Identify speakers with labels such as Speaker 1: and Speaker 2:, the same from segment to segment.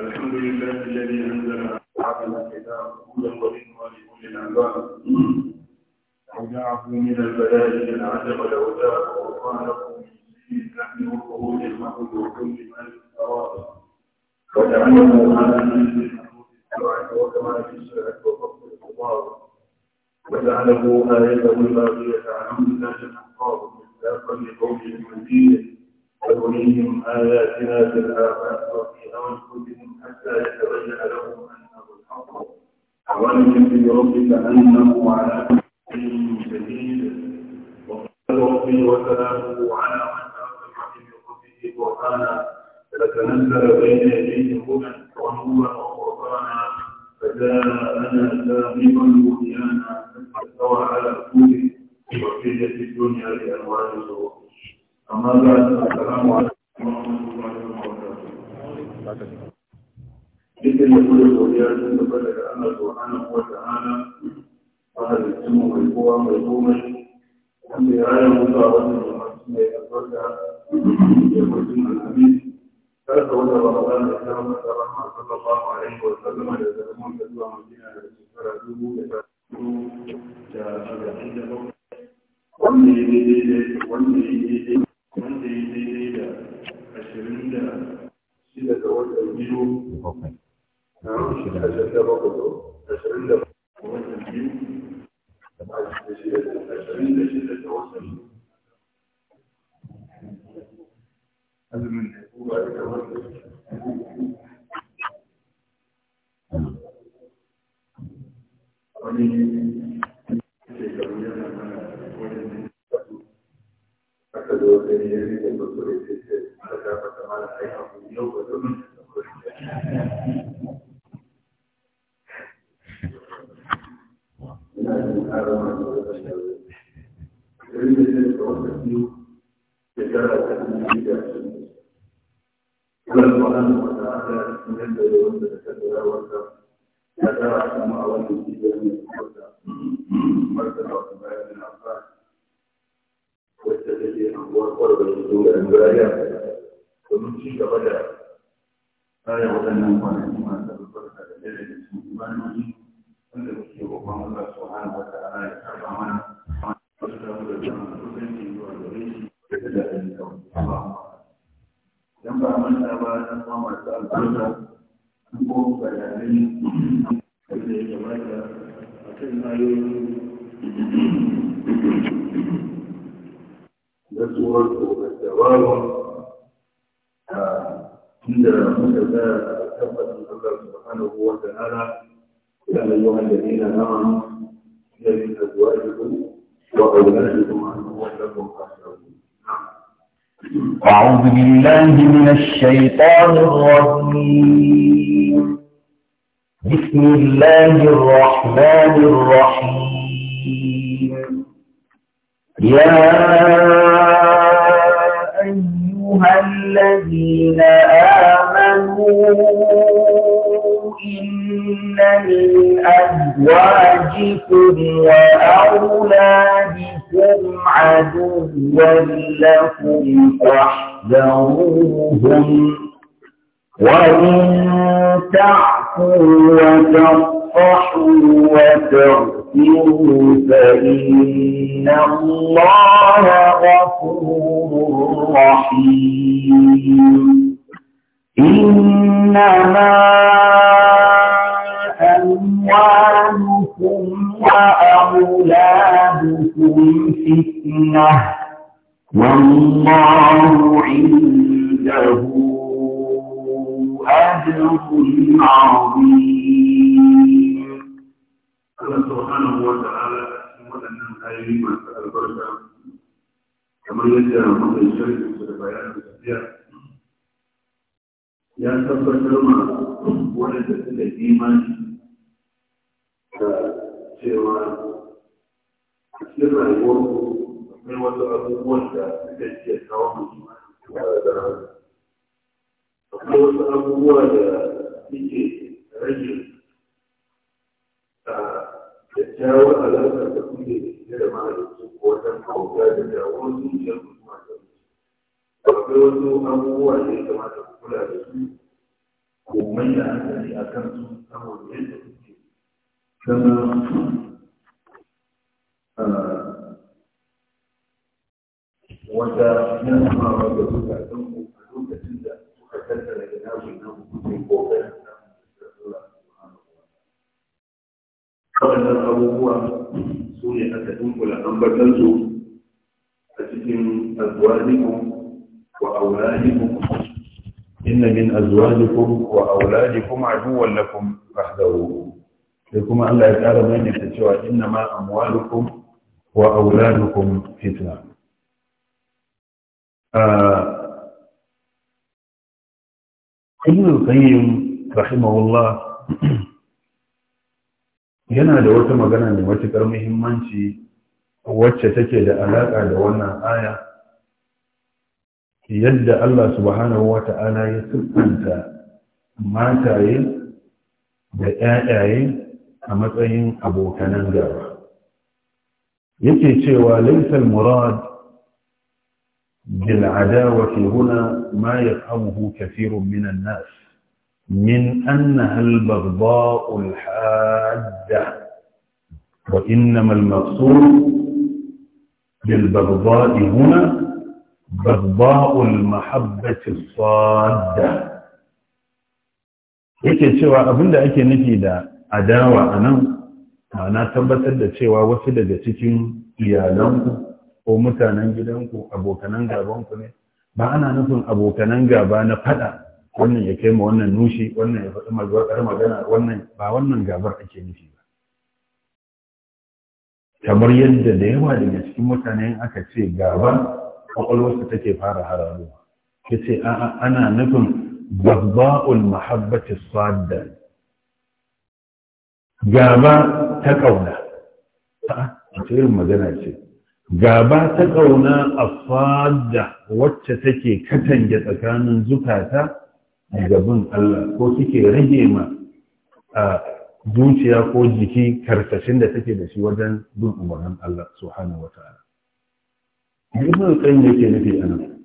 Speaker 1: الحمد لله الذي أنزل على عبده الكتاب كل وذكرى لأولي العباد وجعله من البلاء العجب لو جاء وقاله من سبيل نحن وخروج الموت وكل ما للثواب وجعله على من في السبعة وكمال الشرع وفضل
Speaker 2: الخضار وجعله آية الباقية عن الناس الأحقاب مصداقا لقوله المزيد تريهم آياتنا في الآفاق
Speaker 1: وفي أنفسهم حتى يتبين لهم أنه الحق ولكن بربك أنه على كل
Speaker 2: شيء جديد وقال وسلامه على من ترك الرحيم ربه برهانا فتنزل بين يديه هدى ونورا وقرآنا فجاءنا سابقا بنيانا فاستوى على كل وفي الدنيا
Speaker 1: لأنواع الزهور
Speaker 2: amma za a salamu a
Speaker 1: cikin da kuma godiya sun gaba daga Allah subhanahu wa ta'ala wanda da cikin mai kowa mai komai wanda ya raya mutu a wannan jama'a mai albarka
Speaker 2: ya kwacin alhamis karka wata ba a zan da ta masa rahama sallallahu alaihi wa sallama da zama da zuwa madina da shekara dubu da ta da arba'in da bakwai wanda ya daidai wanda ya daidai wanda ya daidai da ashirin da shida ga wata biyu na ashirin da bakwai ashirin da wata biyu ashirin da shida ga watan azumin da ya da watan hmm.
Speaker 1: wani da ya rike da kuma da ya ce da ta fata mana aiki الشيطان الرجيم بسم الله الرحمن الرحيم يا أيها الذين آمنوا إن من أزواجكم وأولادكم لكم عدوا لكم فاحذروهم
Speaker 2: وإن
Speaker 1: تعفوا وتصفحوا وتغفروا فإن الله غفور رحيم إنما أموالكم وأولادكم فتنة
Speaker 2: والله
Speaker 1: عنده أجر عظيم Allah subhanahu wa ta'ala waɗannan ayoyi masu
Speaker 2: albarka kamar yadda muka yi sharhi da bayanin tafiya
Speaker 1: ya tabbatar ma waɗanda suka imani da cewa a cikin rayuwar akwai wasu abubuwan da suka iya kawo mutum da akwai wasu abubuwa da suke rage ah, da jawo alaƙar da kuke da mahalicci ko wajen kauta da jawo zuciyar mutum akwai wasu abubuwa da ya kamata ku kula da su ko mai da hankali a kan su saboda yadda كما wata yana ma wanda suka
Speaker 2: san ku a lokacin da suka tattara gida mai samun abubuwa su ne aka dunkula ambatan su a cikin azwajikum wa sai kuma Allah ya ƙara ta cewa inna ma amwalukum wa auladukum fitna ibn al-qayyim rahimahullah yana da wata magana mai matukar muhimmanci wacce take da alaƙa da wannan aya yadda Allah subhanahu wa ta'ala ya sukanta mataye da ƴaƴaye a matsayin abokanan gaba yake cewa laisal murad بالعداوة هنا ما يفهمه كثير من الناس من أنها البغضاء الحادة وإنما المقصود بالبغضاء هنا بغضاء المحبة الصادة yake cewa abin da ake nufi da adawa a nan na tabbatar da cewa wasu daga cikin iyalanku ko mutanen gidanku abokanan gabanku ne ba ana nufin abokanan gaba na fada wannan ya kai ma wannan nushi wannan ya faɗi magwakar magana wannan ba wannan gabar ake nufi ba
Speaker 1: kamar yadda da yawa daga
Speaker 2: cikin mutane aka ce gaba kwakwalwarsa take fara hararuwa ya ce ana nufin babba'ul mahabbati sadda gaba ta ƙauna a irin magana ce gaba ta ƙauna a fada wacce take katange tsakanin zukata daga bin Allah ko suke rage ma a zuciya ko jiki karkashin da take da shi wajen bin umarnin Allah subhanahu wa ta'ala ibn kan yake nufi anan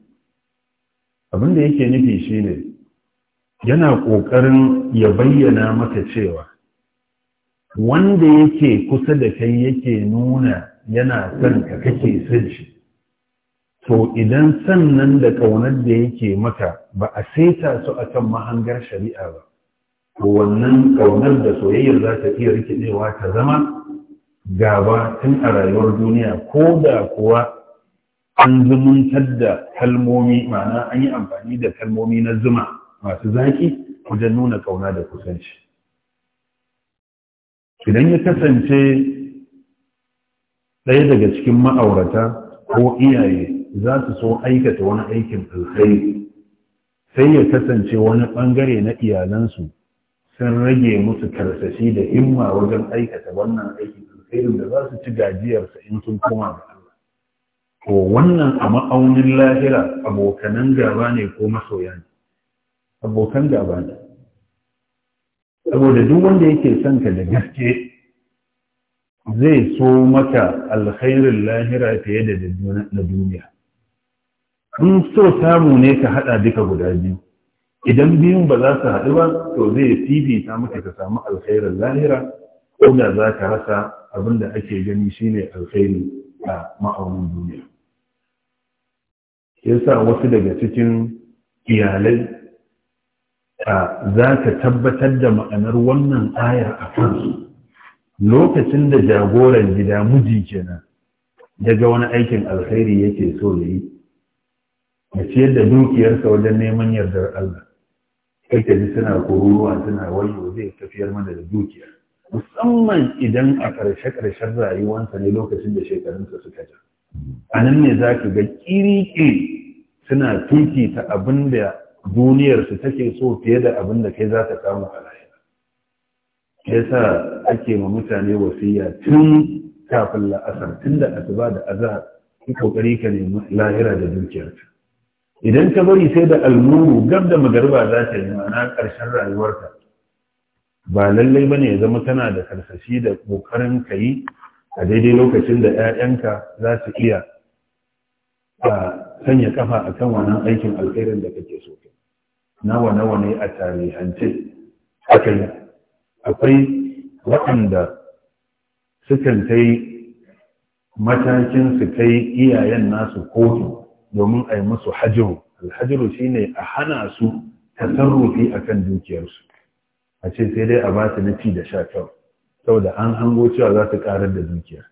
Speaker 2: abin da yake nufi shine yana ƙoƙarin ya bayyana maka cewa wanda yake kusa da kai yake nuna yana son ka kake son shi to idan sannan da ƙaunar da yake maka ba a saita su a kan mahangar shari'a ba to wannan ƙaunar da soyayyar za ta iya rikidewa ta zama gaba tun a rayuwar duniya ko da kuwa an zumuntar da kalmomi ma'ana an yi amfani da kalmomi na zuma masu zaki wajen nuna ƙauna da kusanci idan ya kasance ɗaya daga cikin ma'aurata ko iyaye za su so aikata wani aikin alkhairi sai ya kasance wani ɓangare na iyalansu sun rage musu karsashi da himma wajen aikata wannan aikin alkhairi da za su ci gajiyarsa in sun koma ga Allah. Ko wannan a ma'aunin lahira abokanan gaba ne ko masoya ne? Abokan gaba ne. saboda duk wanda yake son ka da gaske zai so maka alkhairin lahira fiye da na duniya in so samu ne ka hada duka guda biyu idan biyun ba za su haɗu ba to zai fifita maka ka samu alkhairin lahira ko da za ka rasa abin da ake gani shine alkhairi a ma'aunin duniya yasa wasu daga cikin iyalai za ka tabbatar da ma'anar wannan ayar a kansu lokacin da jagoran gida miji kenan daga wani aikin alkhairi yake so ya yi a ciyar da dukiyarsa wajen neman yardar Allah kai ka ji suna kururuwa suna wayo zai tafiyar mana da dukiya musamman idan a ƙarshe-ƙarshen rayuwansa ne lokacin da shekarunsa suka ja a nan ne za ka ga ƙiri suna tuki ta abin da duniyarsu take so fiye da abin da kai za ta samu a lahira ke sa ake ma mutane wasiya tun kafin la'asar tun da asuba da aza ki kokari ka nemi lahira da dukiyarta. idan ka bari sai da almuru gab da magarba za ta yi ma'ana ƙarshen rayuwarka ba lallai bane ya zama tana da karsashi da kokarin ka yi a daidai lokacin da 'ya'yanka za su iya a sanya kafa akan wannan aikin alkhairin da kake so nawa nawa ne a tarihance haka yi akwai waɗanda sukan kai matakin su kai iyayen nasu kotu domin a yi musu hajiru shi shine a hana su tasarrufi kan dukiyarsu a ce sai dai a ba su na ci da sha kyau saboda an hango cewa za su karar da dukiyar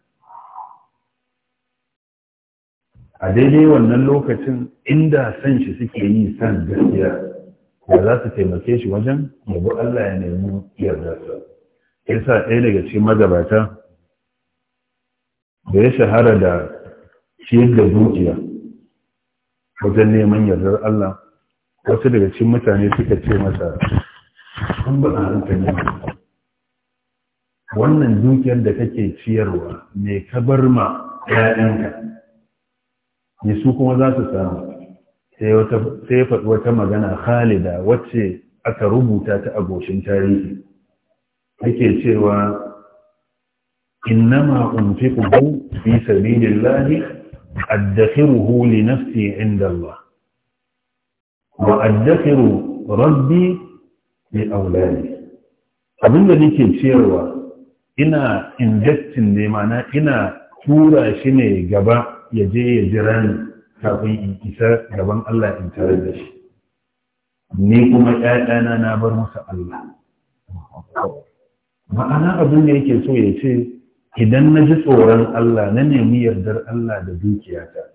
Speaker 2: a daidai wannan lokacin inda san shi suke yi san gaskiya da za su taimake shi wajen yabo Allah ya nemi yarda Ya sa ɗaya daga cikin magabata da ya shahara da ciyar da dukiya wajen neman yardar Allah wasu daga cikin mutane suka ce masa an ba a hankali wannan dukiyar da kake ciyarwa ne ka bar ma ‘ya'yanka ne su kuma za su samu sai ya faɗi wata magana khalida wacce aka rubuta ta agoshin tarihi ake cewa innama unfiquhu fi sabilillahi addakhiruhu li nafsi inda Allah wa addakhiru rabbi li Abin da nake cewa ina injecting ne mana ina tura shi ne gaba ya je ya jira ni kafin in isa gaban Allah in tare da shi ni kuma 'ya'yana na bar musu Allah ma'ana abin da yake so ya ce idan na ji tsoron Allah na nemi yardar Allah da dukiyata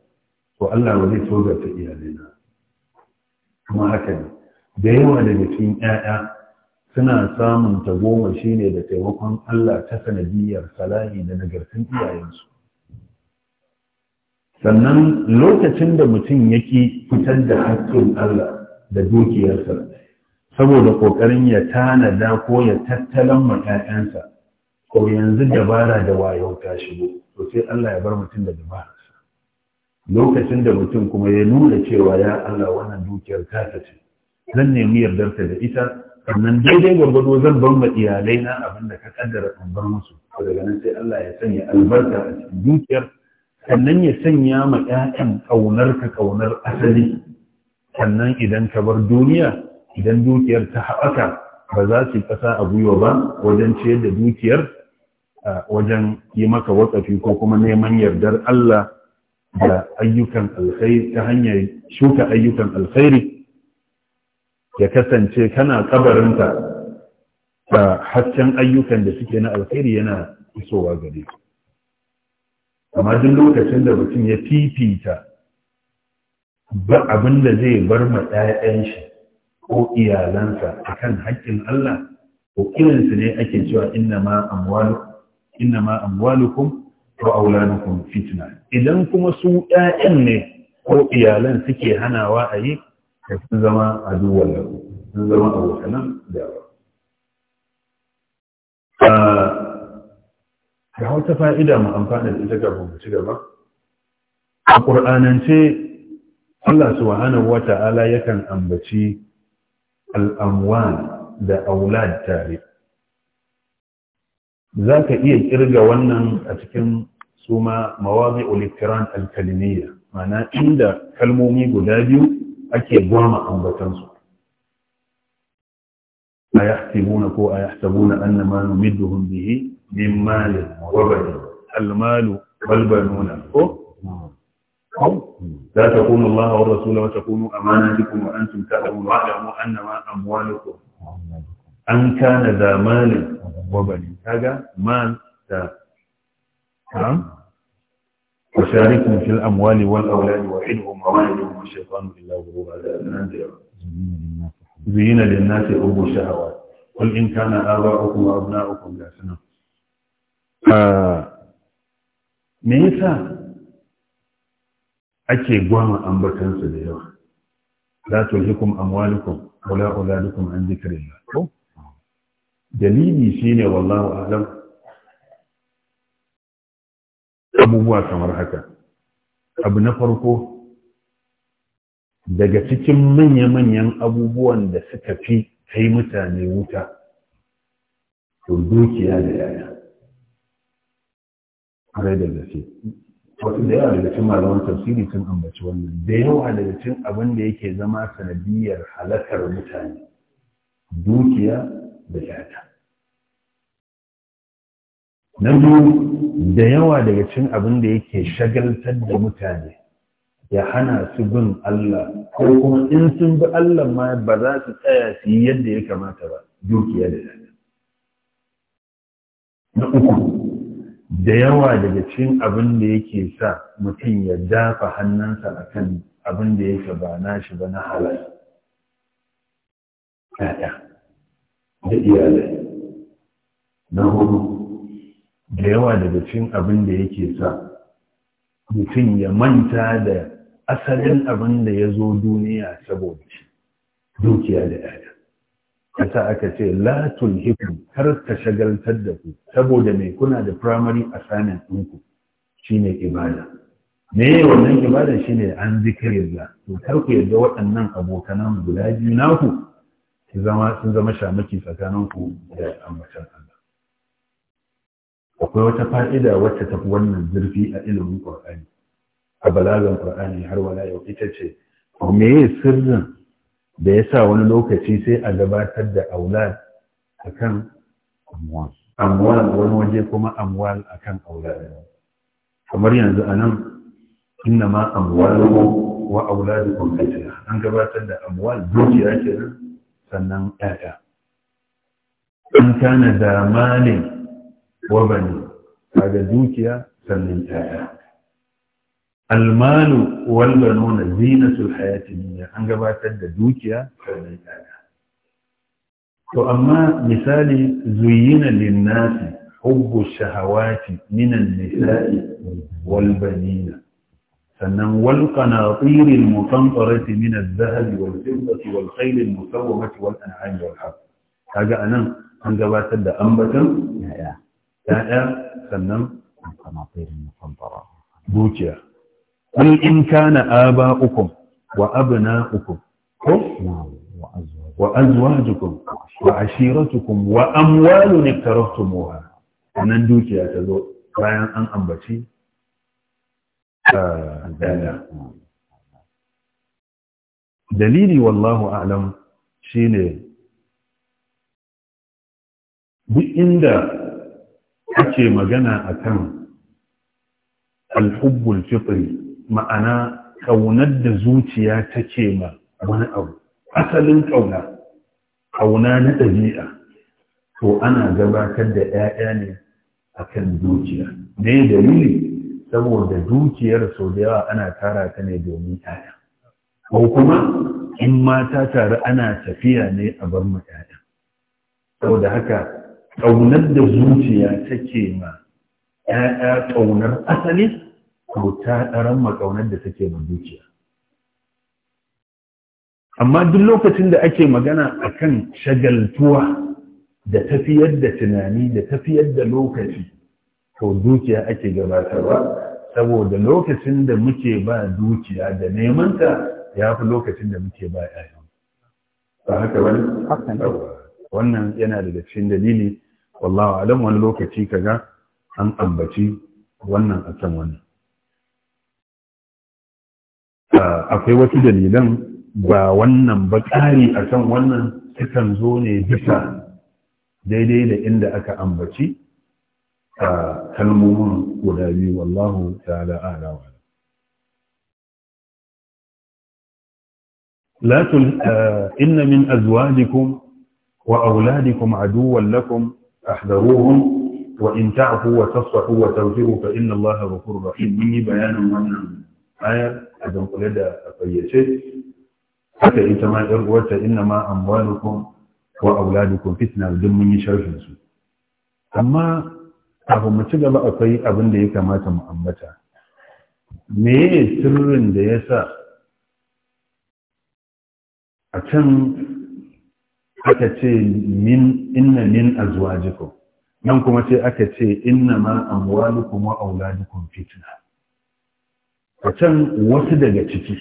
Speaker 2: to Allah ba zai tozarta iyalina kuma haka ne da yawa daga cikin 'ya'ya suna samun tagomashi ne da taimakon Allah ta sanadiyar salahi da nagartun iyayensu sannan lokacin da mutum ya ki fitar da haƙƙin Allah da dukiyarsa saboda ƙoƙarin ya tanada ko ya tattalan ma ko yanzu dabara da wayo ta shigo to sai Allah ya bar mutum da dabararsa lokacin da mutum kuma ya nuna cewa ya Allah wannan dukiyar ta ce zan nemi yardarta da ita sannan daidai gwargwado zan bar ma iyalai na abin da ka kaddara in bar musu daga nan sai Allah ya sanya albarka a cikin dukiyar sannan ya sanya ma ƴaƴan ƙaunar ka ƙaunar asali sannan idan ka bar duniya idan dukiyar ta haɓaka ba za su ƙasa a gwiwa ba wajen ciyar da dukiyar wajen yi maka watsafi ko kuma neman yardar Allah da ayyukan alkhairi ta hanyar shuka ayyukan alkhairi ya kasance kana kabarinta a hasken ayyukan da suke na alkhairi yana isowa gare amma duk lokacin da mutum ya fifita ba abin da zai bar ma ɗayan shi ko iyalansa a kan haƙƙin Allah ko irinsu ne ake cewa inna ma amwalukum ko aulanukum fitna idan kuma su ɗayan ne ko iyalan suke hanawa a yi sun zama aduwwan lahu sun zama a abokanan da ga wata fa'ida mu amfana da ita kafin ci gaba a ƙur'anance Allah subhanahu wata'ala yakan ambaci al'amwan da aulad tare za ka iya kirga wannan a cikin suma mawazi olikiran alkaliniya mana inda kalmomi guda biyu ake gwama ambatansu a yahtimuna ko a yahtabuna annama numidduhum bihi من مال وبنون المال والبنون لا تكونوا الله والرسول وتكونوا أماناتكم وأنتم تعلمون واعلموا أنما أموالكم
Speaker 1: أن كان ذا مال
Speaker 2: وبنين هذا مال ذا نعم وشاركهم في الأموال والأولاد وحدهم ووعدهم الشيطان إلا غرورا زين للناس حب الشهوات قل إن كان آباؤكم وأبناؤكم لا سنة Ah, me yasa ake gwama ambatansu da yawa la tulhikum amwalukum wala auladukum an dhikrillah ko dalili shine wallahu a'lam abubuwa kamar haka abu na farko daga cikin manya-manyan abubuwan da suka fi kai mutane wuta to dukiya da yaya kare da gaske wasu da yawa daga cin malaman tafsiri sun ambaci wannan da yawa daga cin abin da yake zama sanadiyar halakar mutane dukiya da yata na biyu da yawa daga cin abin da yake shagaltar da mutane ya hana su bin Allah ko kuma in sun bi Allah ma ba za su tsaya su yi yadda ya kamata ba dukiya da yata na uku da yawa daga cikin abin da yake sa mutum ya dafa hannunsa a kan abin da yake ba nashi ba na halar ya'ya da iyalai na hudu da yawa daga cikin abin da yake sa mutum ya manta da asalin abin da ya zo duniya saboda dukiya da ya'ya kasa aka ce latul tulhikum kar ka shagaltar da ku saboda mai kuna da primary assignment ɗinku shine ibada me wannan ibada shine an zikirillah to kar ku yarda waɗannan abokanan guda biyu na ku, zama sun zama shamaki tsakanin ku da ambatan Allah akwai wata fa'ida wacce tafi wannan zurfi a ilimin Qur'ani a balagan Qur'ani har wala yau ita ce me sirrin da ya sa wani lokaci sai a gabatar da aulad a kan amwal wani waje kuma amwal a kan aulad kamar yanzu a nan inna ma amwalukum wa auladukum an gabatar da amwal dukiya nan sannan ɗaya an kane da mali wa a ga dukiya sannan 'ya'ya. المال والبنون زينة الحياة الدنيا عندما تدوك يا وأما مثال زين للناس حب الشهوات من النساء والبنين سنن والقناطير المقنطرة من الذهب والفضة والخيل المسومة والأنعام والحق هذا أنا عندما تد أنبتا يا يا يا سنن القناطير المقنطرة دوكيا. ko إن كان wa وأبناؤكم وأزواجكم وعشيرتكم وأموال اقترفتموها أنا دوكي أتذو bayan an ambaci ah, dalili wallahu alam shine duk inda ake magana akan alhubbul fitri ma'ana ƙaunar da zuciya take ma wani abu asalin ƙauna ƙauna na ɗabi'a to ana gabatar da 'ya'ya ne a kan zuciya da ya dalili saboda dukiyar sau da yawa ana tara ta ne domin 'ya'ya ko kuma in mata tare ana tafiya ne a bar mu 'ya'ya saboda haka ƙaunar da zuciya take ma 'ya'ya ƙaunar asali to ɗaran makaunar da take ma dukiya amma duk lokacin da ake magana akan shagaltuwa da tafiyar da tunani da tafiyar da lokaci to dukiya ake gabatarwa saboda lokacin da muke ba dukiya da nemanta ya fi lokacin da muke ba yayan ba haka wani wannan yana daga cikin dalili wallahu alam wani lokaci kaga an ambaci wannan akan wannan Ah, akwai wasu dalilan ba wannan ba ƙari a kan wannan sukan zo ne bisa daidai da inda aka ambaci a ah, kalmomin guda biyu wallahu ta'ala ah, azuwadiku, wa لا تل... إن من أزواجكم وأولادكم عدوا لكم أحذروهم وإن تعفوا وتصفحوا وتغفروا فإن الله غفور رحيم مني بيانا ayar a dunkule da a fayyace haka ita ma ɗan uwarta inna ma a wa auladukum fitna duk mun yi sharfin su amma abu mu ci gaba akwai abin da ya kamata mu ambata meye sirrin da ya sa a can aka ce min inna min azwajikum nan kuma ce, aka ce inna ma amwalukum wa auladukum fitna a can wasu daga ciki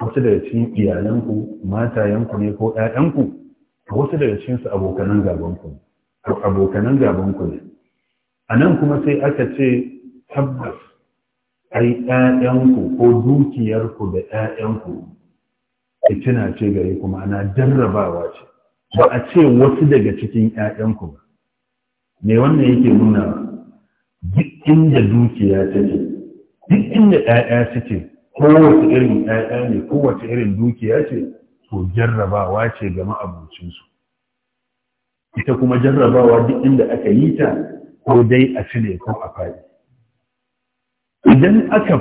Speaker 2: wasu daga cikin iyalanku matayenku ne ko ƴaƴanku wasu daga cikinsu abokanan gabanku ko abokanan gabanku ne a nan kuma sai aka ce tabbas ai ƴaƴanku ko dukiyarku da ƴaƴanku fitina ce gare kuma ana jarrabawa ce ba a ce wasu daga cikin ƴaƴanku ba me wannan yake nuna duk inda dukiya take duk inda 'ya'ya suke kowace irin 'ya'ya ne kowace irin dukiya ce to jarrabawa ce ga ma'abucinsu ita kuma jarrabawa duk inda aka yi ta ko dai a cire ko a faɗi idan aka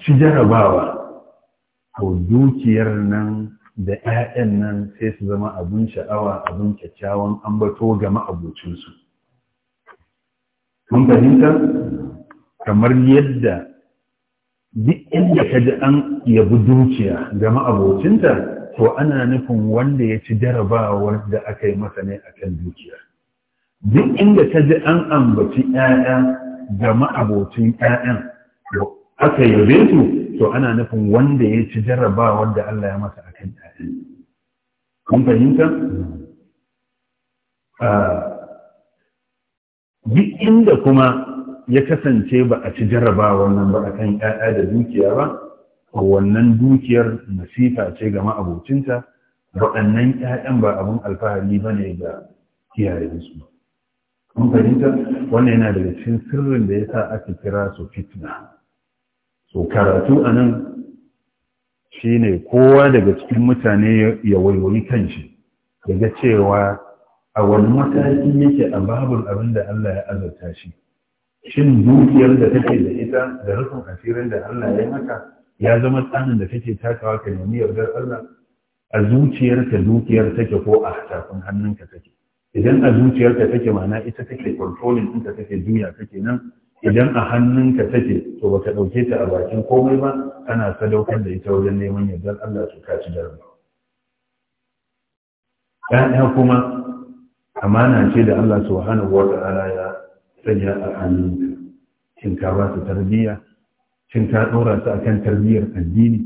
Speaker 2: ci jarrabawa to dukiyar nan da 'ya'yan nan sai su zama abin sha'awa abin kyakkyawan ambato ga ma'abucinsu. kamar yadda inda ka ji an yabi dukiya ga ma'abocinta to ana nufin wanda ya ci jarabawar da aka yi masa ne a kan dukiya duk inda ka ji an ambaci 'ya'ya ga ma'abocin 'ya'yan aka yabe su to ana nufin wanda ya ci jarabawar da Allah ya masa a kan 'ya'yan kun fahimta ah, duk inda kuma ya kasance ba a ci jarrabawa nan ba akan ƴaƴa da dukiya ba wannan dukiyar nasifa ce ga ma'abocinta waɗannan 'ya'yan ba abin alfahari ba ne ga iyayensu ba kun fahimta wannan yana daga cikin sirrin da ya sa aka kira su fitna so karatu a nan shi ne kowa daga cikin mutane ya waiwayi shi, daga cewa a wani mataki yake a babul abin da Allah ya azarta shi shin dukiyar da take da ita da rufin asirin da Allah ya maka ya zama tsanin da take takawa ka nemi yardar Allah a zuciyarka dukiyar take ko a tafin hannunka take idan a zuciyarka take ma'ana ita take controlling ɗinka take juya take nan idan a hannunka take to baka ɗauke ta a bakin komai ba ana sadaukar da ita wajen neman yardar Allah su kaci darba ‘ya'ya kuma amana ce da Allah subhanahu wa ta'ala ya sanya a hannunka shin ka ba su tarbiyya shin ka ɗora su akan tarbiyyar addini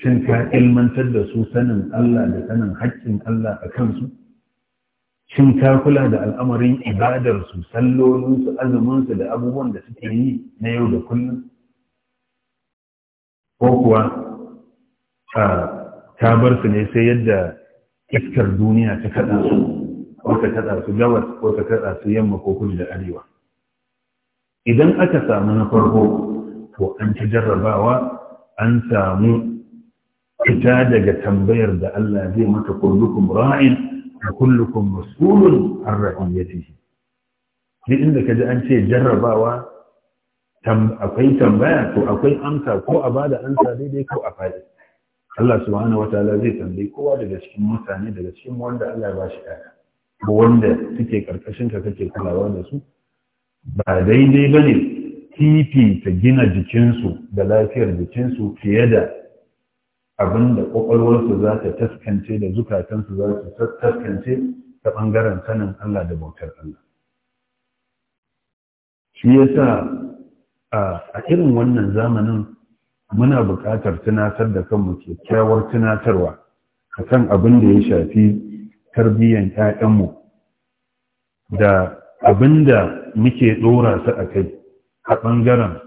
Speaker 2: shin ka ilmantar da su sanin Allah da sanin haƙƙin Allah a kansu shin ka kula da al'amarin ibadarsu sallolinsu azuminsu da abubuwan da suke yi na yau da kullum ko kuwa ka bar su ne sai yadda iskar duniya ta kaɗa su ko ta kaɗa su gabas ko ta kaɗa su yamma ko kudu da arewa idan aka samu na farko to an ci jarrabawa an samu fita daga tambayar da Allah zai maka kullukum ra'in da kullukum mas'ulun an ra'iyatihi duk inda kaji an ce jarrabawa akwai tambaya to akwai amsa ko a bada amsa daidai ko a faɗi Allah subhanahu wataala zai tambayi kowa daga cikin mutane daga cikin wanda Allah ya bashi ɗaya ko wanda suke karkashin ka kake kulawa da su ba daidai ba ne ta gina jikinsu da lafiyar jikinsu fiye da abin da ƙwaƙwalwarsu za ta taskance da zukatansu za su taskance ta ɓangaren sanin Allah da bautar Allah. Shi ya sa a irin wannan zamanin muna buƙatar tunatar da kanmu kyakkyawar tunatarwa a kan abin da ya shafi tarbiyyar ‘ya'yanmu da abinda muke ɗora su a kai a ɓangaren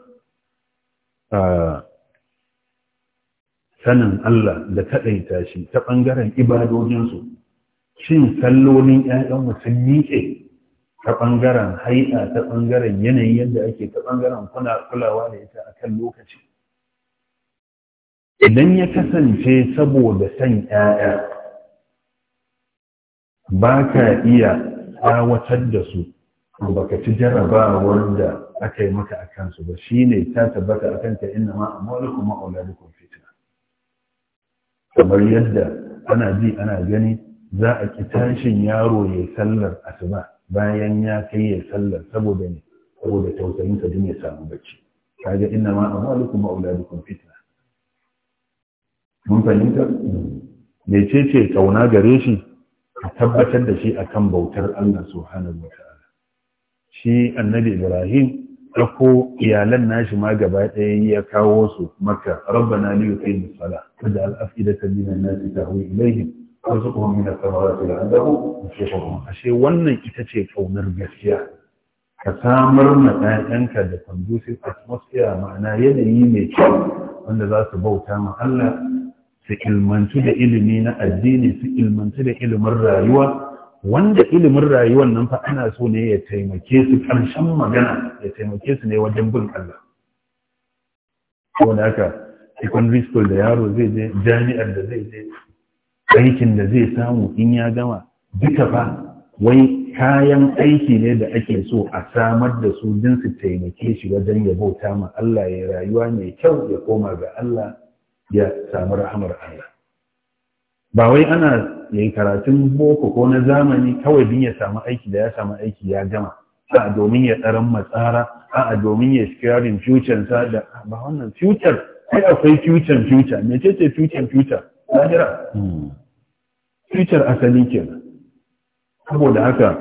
Speaker 2: sanin Allah da kaɗaita shi ta ɓangaren ibadojinsu shin sallolin 'ya'yan sun miƙe ta ɓangaren hai'a ta ɓangaren yanayin yadda ake ta ɓangaren kulawa da ita a kan lokaci idan ya kasance saboda san 'ya'ya ba ka iya tsawatar da su to baka ci jaraba wanda aka yi maka akan su ba shine ta tabbata akan ta inna ma a wa auladukum fitna kamar yadda ana ji ana gani za a ki tashin yaro ya sallar asuba bayan ya kai ya sallar saboda ne saboda tausayin sa din ya samu bacci kaga inna ma amwalukum wa auladukum fitna mun fahimta mecece kauna gare shi a tabbatar da shi akan bautar Allah subhanahu wa ta'ala shi annabi ibrahim ɗauko iyalan nashi ma gaba ɗaya ya kawo su maka rabbana li yuqimu salah kada al Wasu min an-nasi tahwi ilayhim warzuqhum min ath-thamarati yi yashkurun ashe wannan ita ce kaunar gaskiya ka samar ma 'ya'yanka da conducive atmosphere ma'ana yanayi mai kyau wanda za su bauta ma Allah su ilmantu da ilimi na addini su ilmantu da ilimin rayuwa wanda ilimin rayuwar nan fa ana so ne ya taimake su ƙarshen magana ya taimake su ne wajen bin Allah saboda haka secondary school da yaro zai je jami'ar da zai je aikin da zai samu in ya gama duka fa wai kayan aiki ne da ake so a samar da su din su taimake shi wajen ya bauta ma Allah ya rayuwa mai kyau ya koma ga Allah ya samu rahamar Allah ba wai ana ya yi karatun boko ko na zamani kawai din ya samu aiki da ya samu aiki ya gama a domin ya tsaron matsara a domin ya securing future sa da ba wannan future kai akwai future future me ce ce future future lahira future asali kenan saboda haka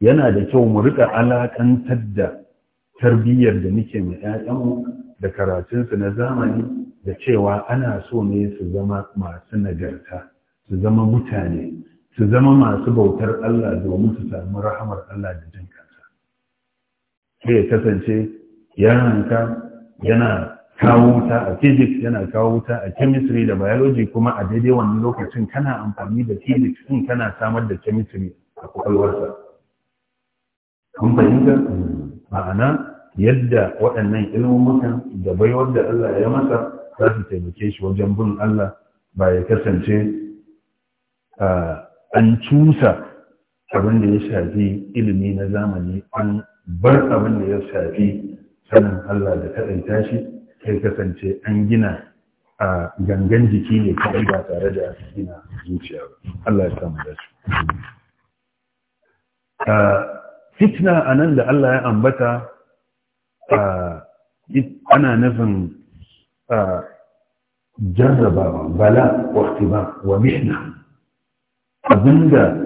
Speaker 2: yana da kyau mu rika alaƙantar da tarbiyyar da muke mai ƴaƴanmu da karatunsu na zamani da cewa ana so ne su zama masu nagarta su zama mutane su zama masu bautar Allah domin su samu rahamar Allah da jin kansa sai ya kasance yananka yana kawo wuta a physics yana kawo wuta a chemistry da biology kuma a daidai wannan lokacin kana amfani da physics din kana samar da chemistry a kwakwalwarsa kun fahimta ma'ana yadda waɗannan ilmumukan da baiwar da Allah ya masa za su taimake shi wajen bin Allah ba ya kasance Ah, an cusa abin da ya shafi ilimi na zamani an bar abin da ya shafi sanin Allah da kaɗaita shi sai kasance an gina a gangan jiki ne kawai ba tare da gina zuciya ba Allah ya samu dace ah, fitna a nan da Allah ya ambata ah, ana nufin jarrabawa bala wakti ba wa mihna abinda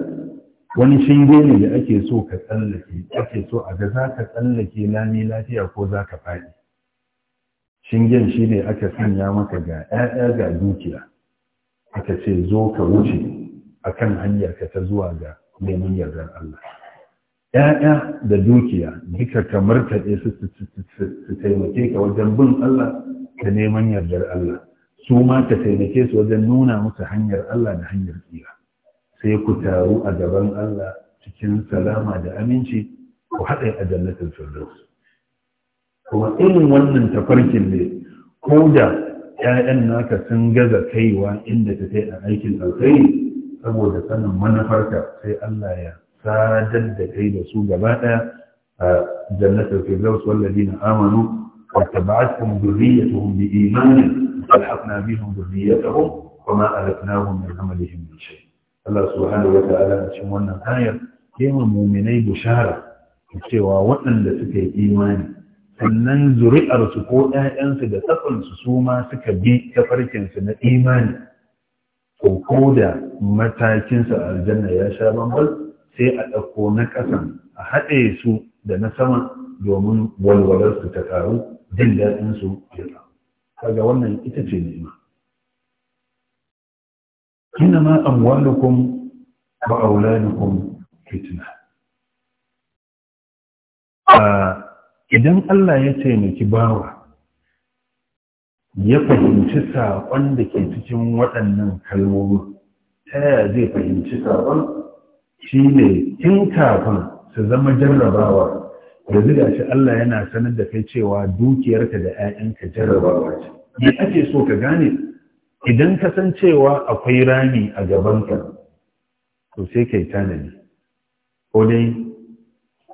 Speaker 2: wani shinge ne da ake so ka tsallake ake so a ga za ka tsallake lami lafiya ko za ka faɗi shingen shi ne aka sanya maka ga 'ya'ya ga dukiya aka ce zo ka wuce akan hanyar ka ta zuwa ga neman yardar Allah ‘ya'ya da dukiya duka kamar ɗe su taimake ka wajen bin Allah da neman yardar Allah su ma ka taimake su wajen nuna musu hanyar Allah da hanyar tsira sai ku taru a gaban Allah cikin salama da aminci ku haɗe a jannatin firdaus kuma irin wannan tafarkin ne ko da 'ya'yan naka sun gaza kaiwa inda ta kai a aikin alkhairi saboda sanin manufarka sai Allah ya sadar da kai da su gaba ɗaya a jannatin firdaus wallazi na amanu واتبعتهم ذريتهم بإيمان فالحقنا بهم ذريتهم وما ألفناهم من عملهم من شيء Allah subhanahu wa ta'ala a cikin wannan ayar kema muminai bushara cewa waɗanda suka yi imani sannan zuri'arsu ko ‘ya'yansu da tsakonsu su ma suka bi tafarkinsu na imani ko da matakinsu a aljanna ya sha bambal sai a ɗauko na ƙasan a haɗe su da na sama domin walwalarsu ta ƙaru jin daɗinsu ya ƙaru kaga wannan ita ce nema إنما أموالكم وأولادكم فتنة idan Allah ya taimaki bawa ya fahimci saƙon da ke cikin waɗannan kalmomi ta yaya zai fahimci saƙon shi ne in kafin su zama jarrabawa da ziga shi Allah yana sanar da kai cewa dukiyarka da 'ya'yanka jarrabawa ce me ake so ka gane idan ka san cewa akwai rami a gabanka to sai kai tanadi ko dai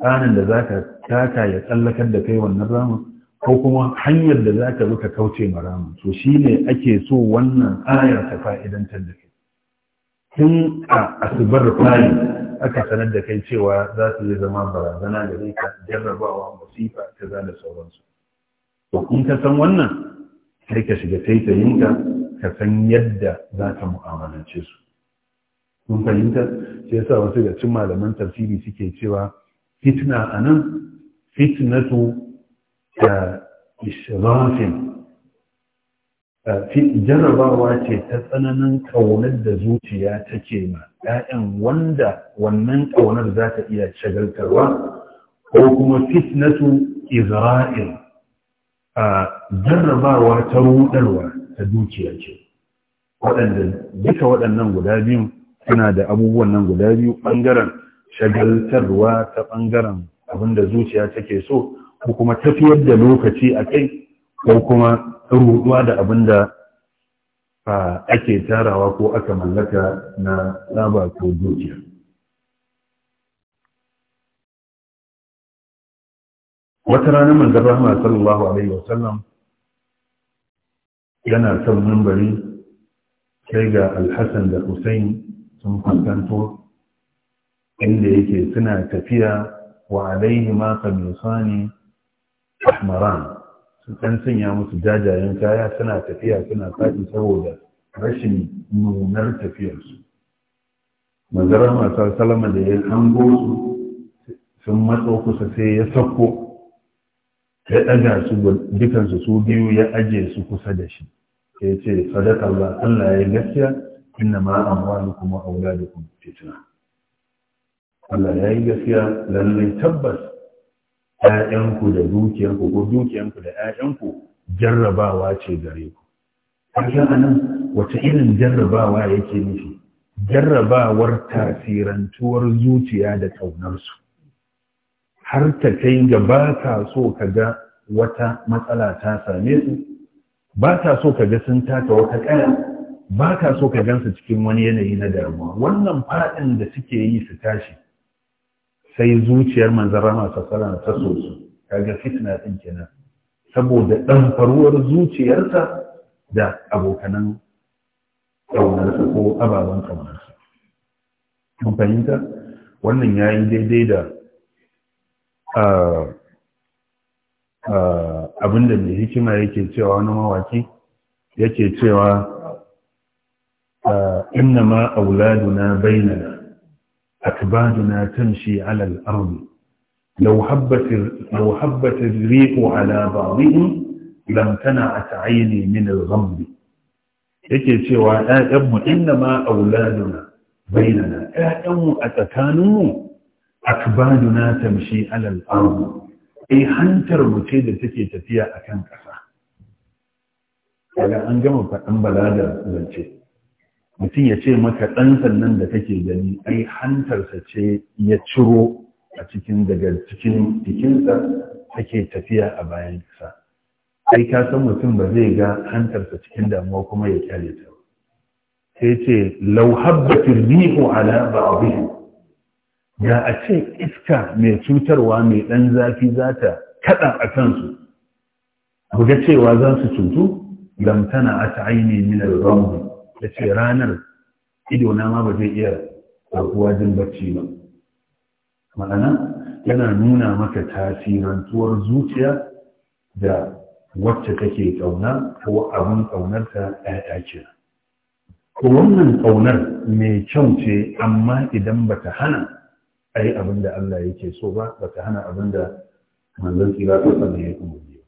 Speaker 2: tsanin da za ka taka ya tsallakar da kai wannan ramin ko kuma hanyar da za ka bi kauce ma ramin to shi ne ake so wannan ayar ta fa'idantar da kai tun a asibar fari aka sanar da kai cewa za su yi zama barazana da zai ka jarrabawa masifa ta za da sauransu to in ka san wannan sai ka shiga taitayinka Ka san yadda za ta mu'amalance su mun fahimta shi yasa wasu ga cin malaman tafsiri suke cewa fitna a nan fitnatu da eh, israfin eh, jarabawa ce ta tsananin ƙaunar da zuciya take ma ‘ya'yan wanda wannan ƙaunar za ta iya shagaltarwa ko kuma fitnatu isra'il a eh, jarrabawa ta rudarwa ta dukiya ce waɗanda duka waɗannan guda biyu suna da abubuwan nan guda biyu ɓangaren shagaltarwa ta ɓangaren abin da zuciya take so ko kuma tafiyar da lokaci a kai ko kuma ruɗuwa da abin da ake tarawa ko aka mallaka na tsaba ko dukiya. Wata ranar manzan sallallahu Alaihi wasallam yana son mimbari sai ga alhassan da hussein sun fuskanto inda yake suna tafiya wa alaihi ma kamisani ahmaran su kan sanya musu jajayen kaya suna tafiya suna faɗi saboda rashin nunar tafiyarsu Mazara masu salama da ya hango su sun matso kusa sai ya sako ya ɗaga su dukansu su biyu ya ajiye su kusa da shi sai ce sadaka ba Allah ya gaskiya inna ma amwalukum wa auladukum fitna Allah ya yi gaskiya lallai tabbas ‘ya'yanku da dukiyanku ko dukiyanku da ‘ya'yanku jarrabawa ce gare ku. Kashin a nan wata irin jarrabawa yake nufi, jarrabawar tasirantuwar zuciya da ƙaunarsu. Har ta kai ga ba ka so ka ga wata matsala ta same su, ba ka so ka ga sun taka wata kaya ba ka so ka gansu cikin wani yanayi na damuwa wannan faɗin da suke yi su tashi sai zuciyar manzan rama sassana ta so su kaga fitna din kenan saboda ɗan faruwar zuciyarsa da abokanan ƙaunarsa ko ababen ƙaunarsa. Mun fahimta? Wannan ya yi daidai da ah, ah, abinda mai hikima yake cewa wani mawaki yake cewa ah, inna ma auladuna bainana akbaduna tamshi ala al-ardi law habbat law habbat ar-riqu ala ba'dihim lam tana'at 'ayni min al-ghambi yake cewa ɗayan mu inna ma auladuna bainana ɗayan mu a tsakaninmu akbaduna tamshi ala al-ardi ai hantar mace da take tafiya a kan ƙasa kaga an gama faɗin bala da zance mutum ya ce maka ɗan sannan da take gani ai hantarsa ce ya ciro a cikin daga cikin jikinsa take tafiya a bayan ƙasa ai ka san mutum ba zai ga hantarsa cikin damuwa kuma ya kyale ta sai ce lauhabbatir rihu ala ba'dihim da a ce iska mai cutarwa mai ɗan zafi za ta kaɗa a kansu buga cewa za su cutu tana a ta aini minar rambu da ce ranar idona ma ba zai iya ɗaukuwa jin bacci ba ma'ana yana nuna maka tasirantuwar zuciya da wacce take ƙauna ko abin ƙaunarta ‘ya'ya ce ko wannan ƙaunar mai kyau ce amma idan ba ta hana a yi abin da Allah yake so ba ba ka hana abin da manzon tsira ta sannan ya umarni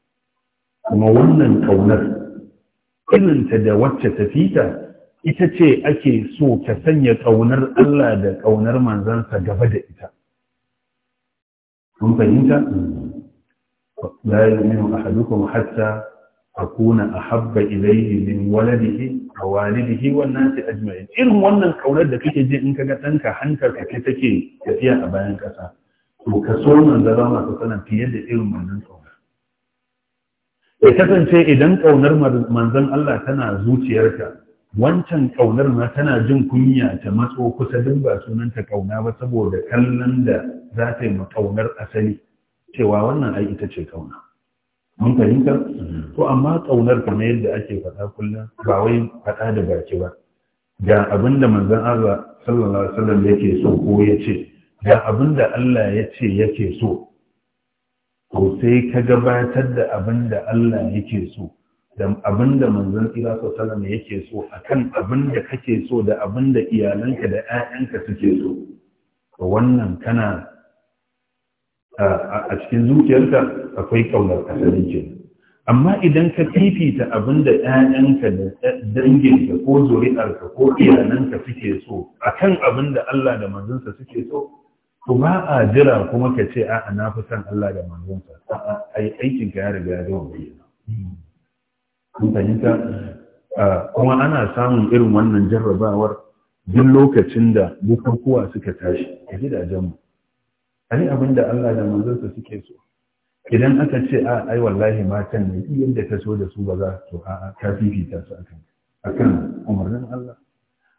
Speaker 2: kuma wannan ƙaunar irinta da wacce ta fita ita ce ake so ta sanya ƙaunar Allah da kaunar manzansa gaba da ita kun fahimta la yu'minu ahadukum hatta akuna ahabba ilayhi min waladihi wa walidihi wan nasi ajma'in irin wannan kaunar da kake ji in kaga ɗanka hankar ka take tafiya a bayan ƙasa to ka so manzara masu sanan fiye da irin wannan kaunar ya kasance idan kaunar manzon Allah tana zuciyarka wancan kaunar ma tana jin kunya ta matso kusa duk ba sunanta kauna ba saboda kallon da za ta yi ma kaunar asali cewa wannan ai ita ce kauna mun fahimta mhm. to amma ka kamar yadda ake faɗa kullum ba wai faɗa da baki ba ga abin da manzon Allah sallallahu alaihi wasallam yake so ko ya ce ga abin da Allah ya ce yake so Ko sai ka gabatar da abin da Allah yake so da abin da manzon Allah sallallahu alaihi wasallam yake so akan abin da kake so da abin da iyalanka da 'ya'yanka suke so wannan kana a cikin zuciyarka akwai kaunar asalin amma idan ka fifita abin da ‘ya'yanka da danginka ko zuri'arka ko iyananka suke so a kan abin da Allah da manzansa suke so, to ba a jira kuma ka ce a na fi son Allah da manzansa, a aikin ka ya riga ya zama bayyana. Kun fahimta, kuma ana samun irin wannan jarrabawar duk lokacin da bukukuwa suka tashi a gidajenmu. ani abin da Allah da manzansa suke so idan aka ce a ai wallahi matan ne yadda ta so da su ba za to a ta fifita su akan akan umarnin Allah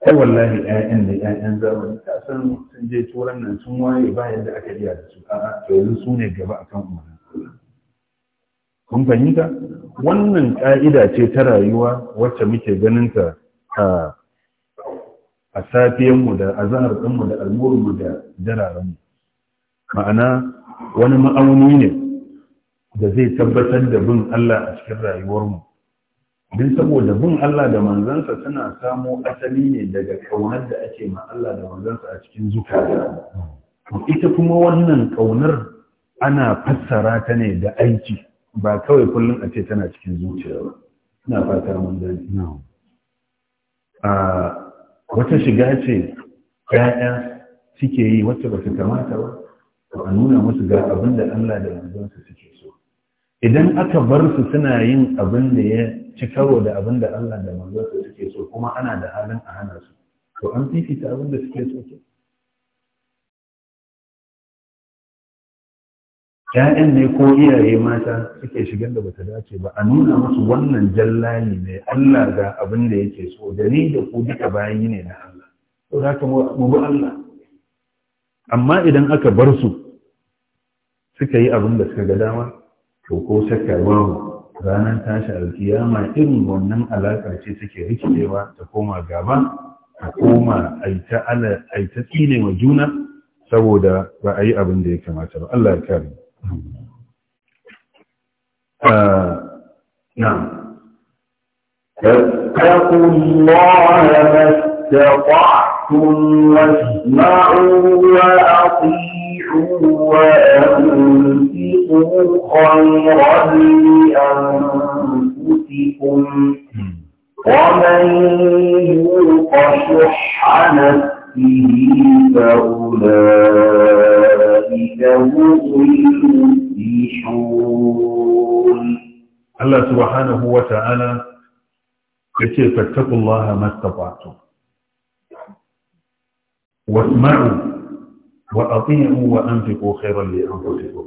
Speaker 2: ai wallahi ƴaƴan ne ƴaƴan zamani ta san sun je turan nan sun waye ba yadda aka iya da su a'a to yanzu su ne gaba akan umarnin Allah kun fahimta wannan ƙa'ida ce ta rayuwa wacce muke ganin ta a safiyanmu da azahar ɗinmu da almurmu da jararenmu ma'ana wani ma'auni ne da zai tabbatar da bin Allah a cikin rayuwarmu din saboda bin Allah da manzansa suna samo asali ne daga ƙaunar da ake ma Allah da manzansa a cikin zukata ita kuma wannan ƙaunar ana fassara ta ne da aiki ba kawai kullum a ce tana cikin zuciya ba ina fata mun a wata shiga ce 'ya'ya suke yi wacce ba su kamata ba
Speaker 1: to a nuna musu ga abin da
Speaker 2: Allah da manzonsa suke so idan aka bar su suna yin abin da ya ci karo da abin da Allah da manzonsa suke so kuma ana da halin a hana su to an fifita abin da suke so ke ‘Ya'yan ne ko iyaye mata suke shigar da bata dace ba, a nuna musu wannan jallali ne Allah ga abin da yake so, da ni da ku duka yi ne na Allah. za haka mu bi Allah. amma idan aka bar su suka yi abin da suka ga dama to ko shakka babu ranar tashi alkiyama irin wannan alaƙa ce take rikidewa ta koma gaba ta koma aita tsine wa juna saboda ba a yi abin da ya kamata ba Allah ya kare ah, na'am
Speaker 1: فاتقوا الله ما استطعتم معكم واسمعوا وأطيعوا وأنفقوا خيرا لأنفسكم ومن يوق شح نفسه
Speaker 2: فأولئك هم المفلحون الله سبحانه وتعالى يقول فاتقوا الله ما استطعتم wasma'u wa ati'u wa anfiqu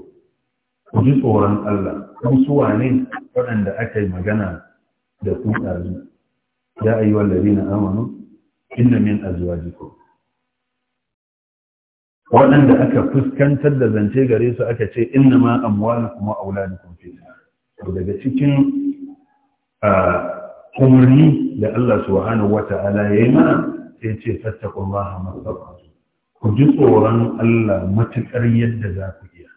Speaker 2: ku ji tsoron Allah ku suwa ne waɗanda aka yi magana da ku ɗazu ya ayyuhal ladina amanu inda min jiko. waɗanda aka fuskantar da zance gare su aka ce inna ma amwalukum wa auladukum fitna to daga cikin umarni da Allah subhanahu ya yayi mana sai ce fattakun ba a ku ji tsoron Allah matuƙar yadda za ku iya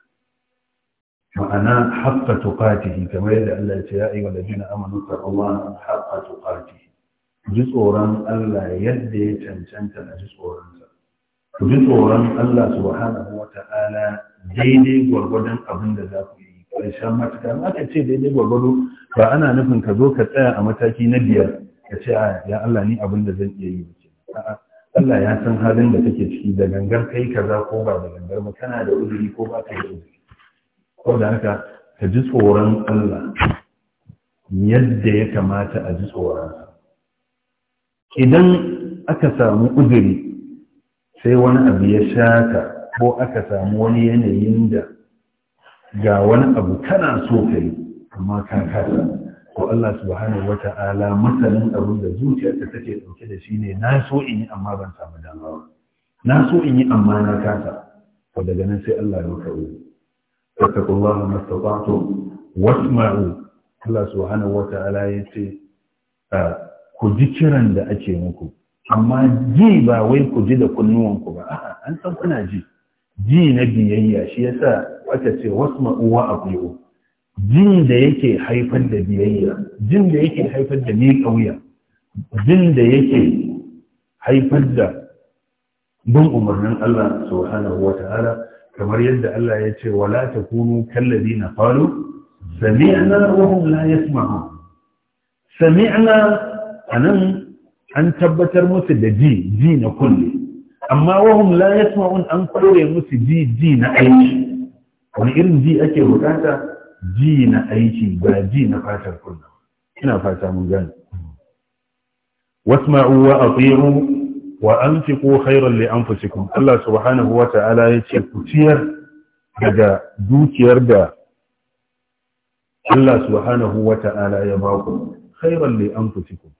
Speaker 2: ma'ana haƙƙa tuƙatihi kamar yadda Allah ce ya ayyuka da jina amanu taɓawa haƙƙa tuƙatihi ku ji tsoron Allah yadda ya cancanta na ji tsoronsa ku ji tsoron Allah subhanahu wa ta'ala daidai gwargwadon abin da za ku yi ƙarshen matuƙa aka ce daidai gwargwado ba ana nufin ka zo ka tsaya a mataki na biyar ka ce ya Allah ni abin da zan iya yi Allah ya san halin da kake ciki da gangar kai kaza ko ba da gangar ba kana da uzuri ko ba ka da uzuri ko da haka ka ji tsoron Allah yadda ya kamata a ji tsoron idan aka samu uzuri sai wani abu ya shaka ko aka samu wani yanayin da ga wani abu kana so ka yi amma ka kasa ko Allah subhanahu ta'ala masanin abin da zuciyarta take dauke da shi ne na so in yi amma ban samu dama ba na so in yi amma na kasa ko daga nan sai Allah ya kawo fattaqullaha mastata'tu wasma'u Allah subhanahu ya yace ku ji kiran da ake muku amma ji ba wai ku ji da kunnuwanku ba a'a an san kuna ji ji na biyayya shi yasa aka ce wasma'u wa aqiu jin da yake haifar da biyayya jin da yake haifar da miƙauya jin da yake haifar da bin umarnin Allah subhanahu wa ta'ala kamar yadda Allah ya ce wala kunu kallabi na falo. sami'ana hum la yasma'un anan an tabbatar musu da ji ji na kulle amma wahum la yasma'un an kore musu ji ji na aiki wani irin ji ake bukata ji na aiki ba ji na fatar kunna ina fata mun gane wasma'u wa ati'u wa anfiqu khayran li anfusikum Allah subhanahu wa ta'ala yace ku ciyar daga dukiyar da Allah subhanahu wa ta'ala ya ba ku khayran li anfusikum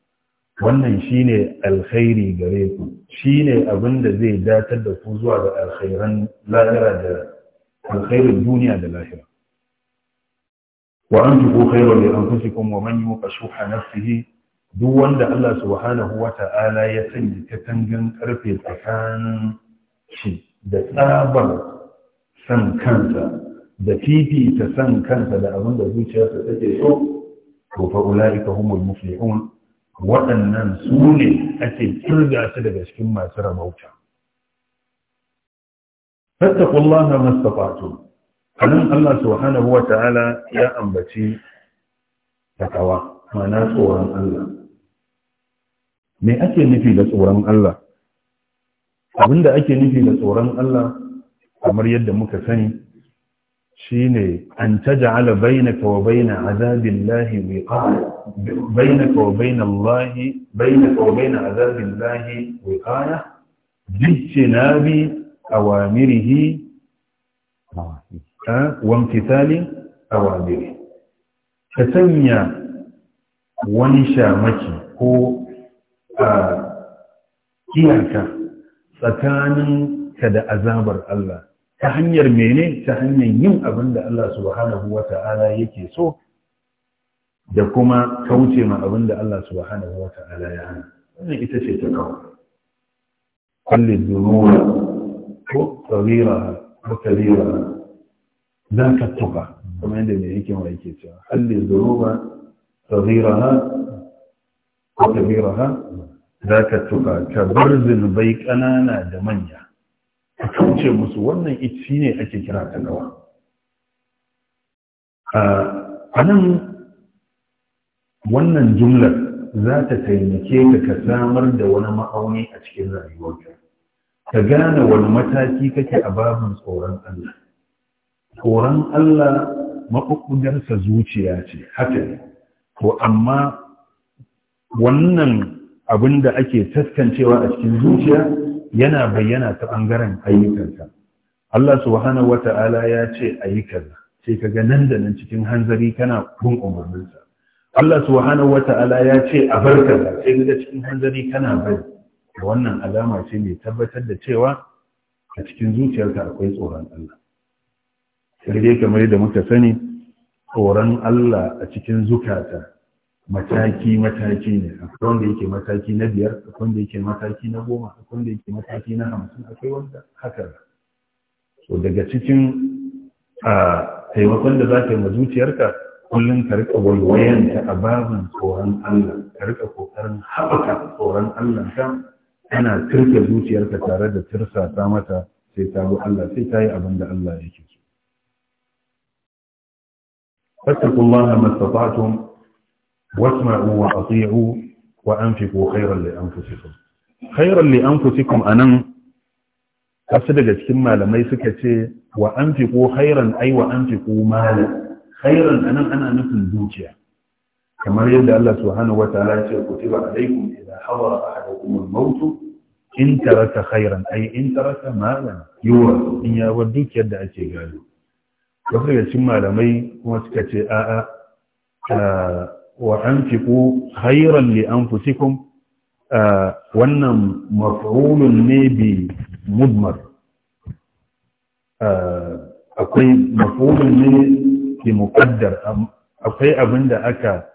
Speaker 2: wannan shine alkhairi gare ku shine abin da zai datar da ku zuwa ga alkhairan lahira da alkhairin duniya da lahira wa anfiqu khayran li anfusikum wa man yuqa shuha nafsihi duk wanda Allah subhanahu wa ta'ala ya sanya katangan karfe tsakanin shi da tsabar san kansa da fifita san kansa da abin da zuciyarsa take so to fa ulaika humul muflihun waɗannan su ne ake kirga su daga cikin masu na fattaqullaha mastata'tum anan Allah subhanahu wa ta'ala ya ambaci takawa mana tsoron Allah me ake nufi da tsoron Allah abinda ake nufi da tsoron Allah kamar yadda muka sani shi ne an taj'ala bainaka wa baina azabillahi wiqaya bainaka wa baina Allah bainaka wa baina azabillahi wiqaya bi awamirihi wamtisali a waziri ka sanya wani shamaki ko iyaka tsakanin ka da azabar Allah ta hanyar mene ta hanyar yin abin da Allah subhanahu wa ta'ala yake so da kuma kauce ma abin da Allah subhanahu wa ta'ala ya hana wannan ita ce ta kawo kulli dhunura ko tsarira ko ذاك التقى كما عند الملك ويكي سوى حل الذنوب صغيرها وكبيرها ذاك التقى كبرز البيك أنا نادى منيا kauce musu wannan shi ake kira tagawa a nan wannan jumlar za ta taimake ka ka samar da wani ma'auni a cikin rayuwarka ka gane wani mataki kake a babin tsoron Allah tsoron Allah maɓuɓɓugarsa zuciya ce haka ne ko amma wannan abin da ake taskancewa a cikin zuciya yana bayyana ta ɓangaren ayyukanta. Allah subhanahu wata'ala ya ce ayi kaza sai kaga nan da nan cikin hanzari kana bin umarninsa Allah subhanahu wata'ala ya ce a bar kaza sai kaga cikin hanzari kana bari wannan alama ce mai tabbatar da cewa a cikin zuciyarka akwai tsoron Allah sai kamar yadda muka sani tsoron Allah a cikin zukata mataki mataki ne akwai wanda yake mataki na biyar akwai wanda yake mataki na goma akwai wanda yake mataki na hamsin akwai wanda haka so daga cikin a taimakon da za ka yi mazuciyarka zuciyarka kullum ka rika ta a babin tsoron Allah ka rika kokarin haɓaka tsoron Allah ta ana turke zuciyarka tare da tirsasa mata sai ta bi Allah sai ta yi abin da Allah yake so فاتقوا الله ما استطعتم واسمعوا واطيعوا وانفقوا خيرا لانفسكم خيرا لانفسكم انا wasu daga cikin malamai suka ce wa an fiko khairan ai wa an fiko mali khairan anan ana nufin zuciya kamar yadda Allah subhanahu wataala ya ce kutiba alaikum idza hadara ahadukum al-maut in taraka khairan ai in in ya bar dukiyar da ake gado wasu daga cikin malamai kuma suka ce a'a wa an fiƙo hairan li an fusikun wannan mafa'ulun ne bi mudmar akwai mafa'ulun ne bi muƙaddar akwai abin da aka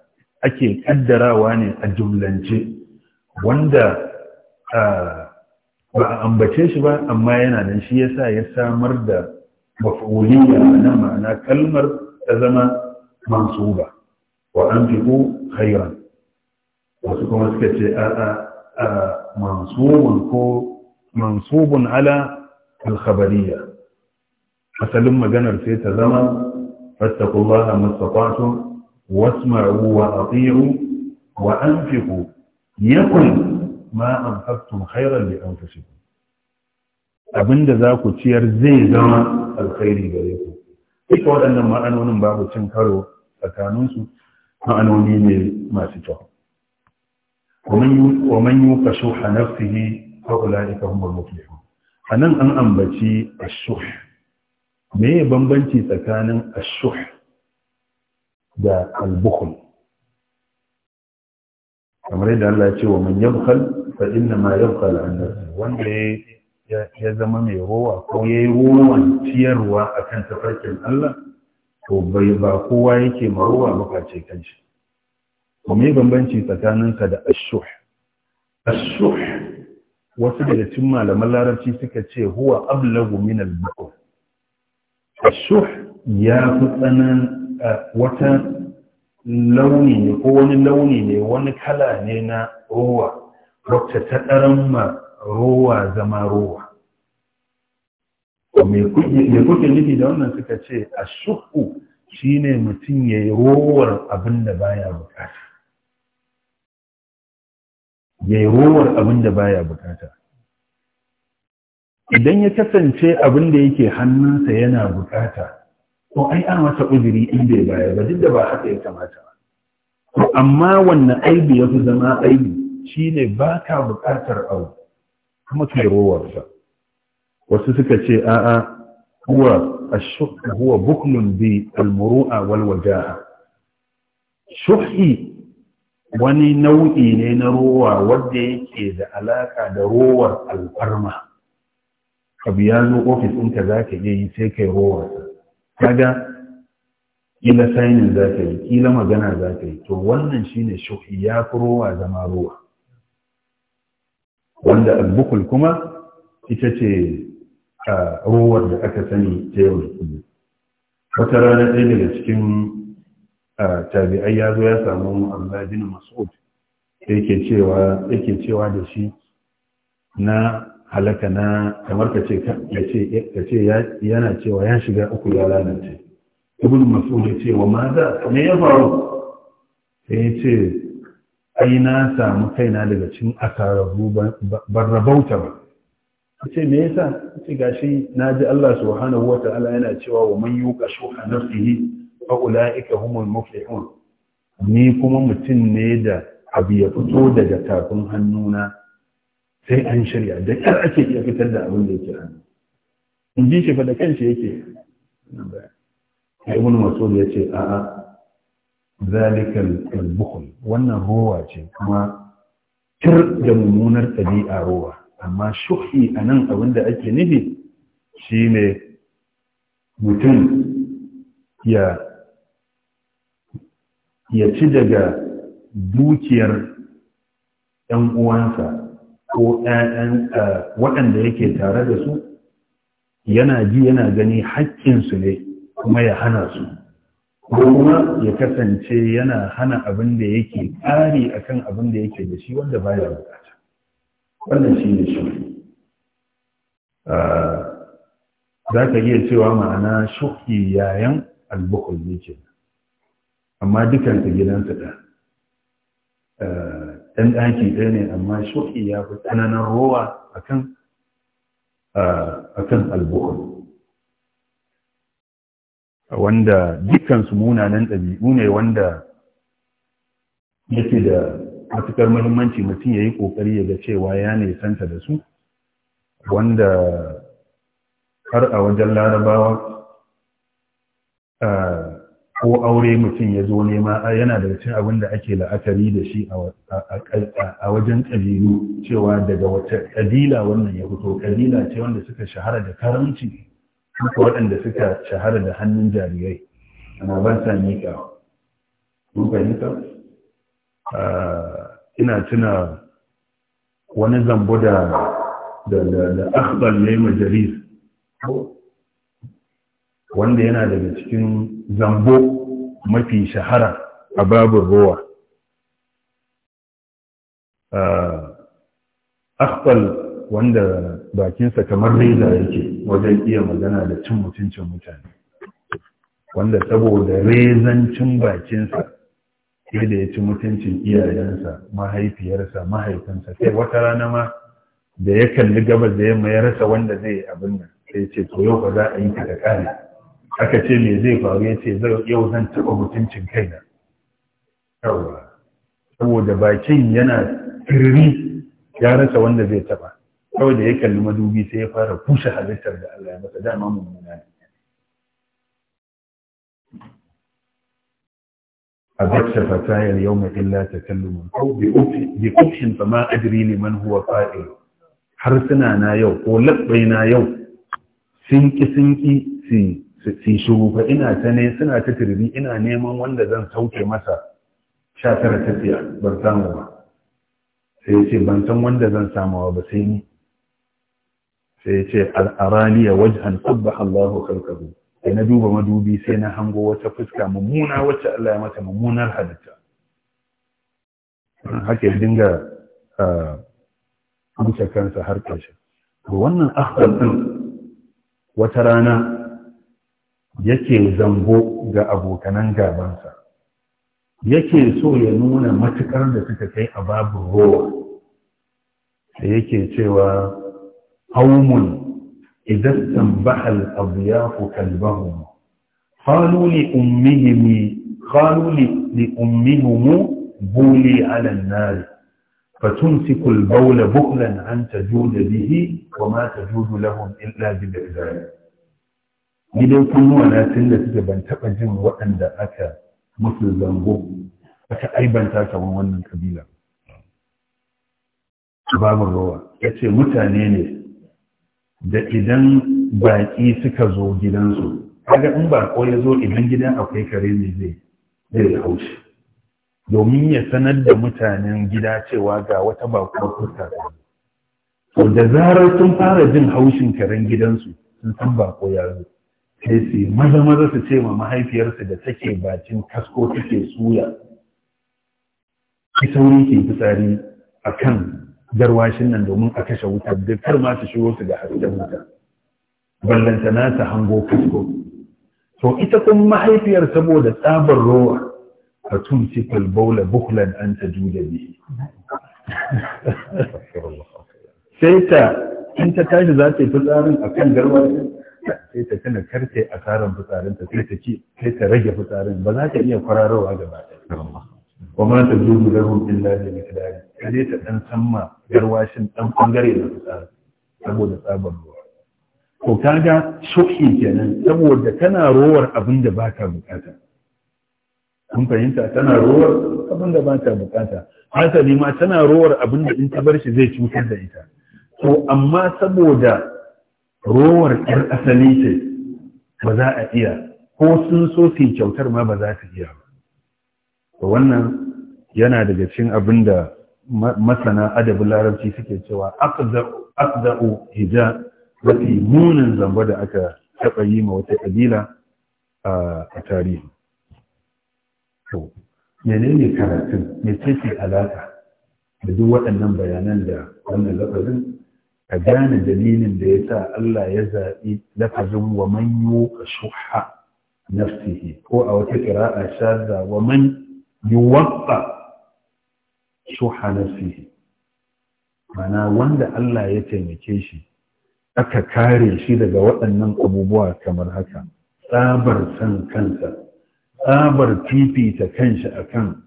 Speaker 2: ake ƙaddarawa ne a jumlance wanda ba a ambace shi ba amma yana nan shi yasa ya samar da مفعولية أنا معنى كلمة تزم منصوبة وأنفقوا خيرا وسكم سكتش منصوب منصوب على الخبرية أسلم مجنر في تزم فاتقوا الله ما استطعتم واسمعوا وأطيعوا وأنفقوا يكن ما أنفقتم خيرا لأنفسكم abinda za ku ciyar zai zama alkhairi gare ku duka waɗannan ma'anonin babu cin karo tsakaninsu ma'anoni ne masu kyau wa man yi kasho a nafsihi fa ula'ika humar muflihun a nan an ambaci ashuh me ya bambanci tsakanin ashuh da albukhul kamar yadda Allah ya ce wa man yabkhal fa inna ma yabkhal an nafsi wanda ya ya zama mai rowa ko ya yi rowan ciyarwa a kan tafarkin Allah to bai ba kowa yake marowa kan shi? kuma mai bambanci tsakaninka da ashuh ashuh wasu daga cikin malaman larabci suka ce huwa ablagu min al-bukhul ashuh ya fi tsanan wata launi ne ko wani launi ne wani kala ne na rowa wacce ta ɗaran rowa zama rowa me kuke nufi da wannan suka ce a shi ne mutum ya yi rowar abin da baya bukata ya yi rowar abin da baya bukata idan ya kasance abin da yake hannunsa yana bukata to ai an masa uzuri in ya baya ba duk da ba haka ya kamata to amma wannan aibi ya fi zama aibi ne ba ka bukatar abu kuma kai rowarsa wasu suka ce a'a huwa ashuh huwa buklun bi almuru'a wal waja'a shuhi wani nau'i ne na rowa wanda yake da alaka da rowar alfarma abu ya zo ofis ɗinka za ka iya yi sai kai rowar kaga kila sainin za ka yi kila magana za ka yi to wannan shine shuhi ya fi rowa zama rowa wanda albukul kuma ita ce a ruwar da aka sani ta yau da kullum wata rana ɗaya daga cikin tabi'ai ya zo ya samu Allah bin Mas'ud yake cewa yake cewa da shi na halaka na kamar ka ce ka ce yana cewa ya shiga uku ya lalace ibn Mas'ud ya ce wa ma za me ya faru sai ya ce ai na samu kaina daga cikin asararru ban rabauta ba ce me yasa ce gashi ji Allah subhanahu ta'ala yana cewa wa man yuqa shuha nafsihi fa ulaika humul muflihun ni kuma mutum ne da abu ya fito daga tafin hannuna sai an shirya da kyar ake iya fitar da abin da yake hannu in ji shi fa da kanshi yake ibn masud ya ce a'a zalikal bukhul wannan rowa ce kuma tur da mummunar ɗabi'a ruwa. amma shuhi a nan abin da ake nufi shine mutum ya ya ci daga dukiyar ‘yan uwansa ko waɗanda yake tare da su yana ji yana gani haƙƙinsu ne kuma ya hana su kuma ya kasance yana hana abin da yake ƙari akan abin da yake da shi wanda baya bukata wannan shi ne shuki ah, za ka iya cewa ma'ana shuki yayan albukul amma ke amma gidan ta da ah, ɗan ɗaki ɗaya ne amma shuki ya fi tsananan rowa akan ah, kan albukul wanda dukansu munanan ɗabi'u ne wanda yake da matuƙar muhimmanci mutum ya yi ƙoƙari ya ga cewa ya santa da su wanda har a wajen larabawa eh, ko aure mutum ya zo nema yana da cin abin da ake la'akari da shi a wajen ƙabilu cewa daga wata ƙabila wannan ya fito ƙabila ce wanda suka shahara da karanci duka waɗanda suka shahara da hannun jarirai amma ban sa mun fahimta ah, ina tuna wani zambo da da akhbar ne majalis wanda yana daga cikin zambo mafi shahara a babin ruwa ah, akhbar wanda bakinsa kamar reza yake wajen iya magana da cin mutuncin mutane wanda saboda rezancin bakinsa sai da ya ci mutuncin iyayensa mahaifiyarsa mahaifinsa sai wata rana ma da ya kalli gabas da yamma ya rasa wanda zai abin nan sai ce to yau ba za a yi ka da kare aka ce me zai faru ya ce yau zan taɓa mutuncin kaina yawa saboda bakin yana firri ya rasa wanda zai taɓa kawai da ya ما دوبي sai بوسه هذا kushe halittar da ده ما masa dama أبيك ne اليوم إلا تكلم أو بكفش فما أدري لمن هو قائل حرسنا أنا يو بينا يوم سنكي سنكي سي سي شروف إنا تني سنة تتربي إنا نيما وندا زن سوكي مسا شاترة تتيا برتانوا sai ce ban san wanda zan sai ce al'araniya wajen sabba Allahu kalkazu sai na duba madubi sai na hango wata fuska mummuna wacce Allah ya mata mummunar halitta haka ya dinga amsa kansa har ƙarshe wannan akhbar din wata rana yake zango ga abokanan gabansa yake so ya nuna matukar da suka kai a babu rowa da yake cewa قوم إذا استنبح الأضياف كلبهم قالوا لأمهم قالوا لأمهم بولي على النار فتمسك البول بخلا عن تجود به وما تجود لهم إلا بالإعداد إذا كنا لا تلا تجب وأن أتى مثل زنبو أكا أيبا تاك ومن كبيرة باب الروح يتي متانيني da idan baƙi suka zo gidansu kaga in baƙo ya zo idan gidan akwai kare ne zai zai haushi domin ya sanar da mutanen gida cewa ga wata baƙo fuska to da zarar sun fara jin haushin karen gidansu sun san baƙo ya zo sai su maza maza su ce ma mahaifiyarsu da take bakin kasko take suya ki sauri ki fitsari akan garwashin nan domin a kashe wutar duk kar ma su shigo su ga hasken wuta ballantana ta hango fusko to ita kun mahaifiyar saboda tsabar rowa a tun sifal baula bukhlan an ta juda bi sai ta in ta tashi za ta yi fitsarin a kan garwashin sai ta tana karte a tsarin fitsarin ta sai ta ci sai ta rage fitsarin ba za ta iya kwararowa gaba ɗaya wa ma ta juda lahum illa bi miqdari gare ta ɗan samma garwashin ɗan ɓangare da tsara saboda tsabar ruwa to kaga shuhi kenan saboda tana rowar abin da ba ta bukata kun fahimta tana rowar abin da ba ta bukata hasali ma tana rowar abin da in ta bar shi zai cutar da ita to amma saboda rowar ƴar asali ce ba za a iya ko sun so su kyautar ma ba za ta iya ba wannan yana daga cikin abin da masana adabin larabci suke cewa aqda'u hija mafi munin zamba da aka taɓa yi ma wata ƙabila a tarihi to menene karatun me ce alaƙa da duk waɗannan bayanan da wannan lafazin ka gane dalilin da ya sa Allah ya zaɓi lafazin wa man yuqa shuhha nafsihi ko a wata ƙira'a shazza wa man yuwaqqa shuha nafsihi mana wanda Allah ya taimake shi aka kare shi daga waɗannan abubuwa kamar haka tsabar san kansa tsabar fifita kanshi akan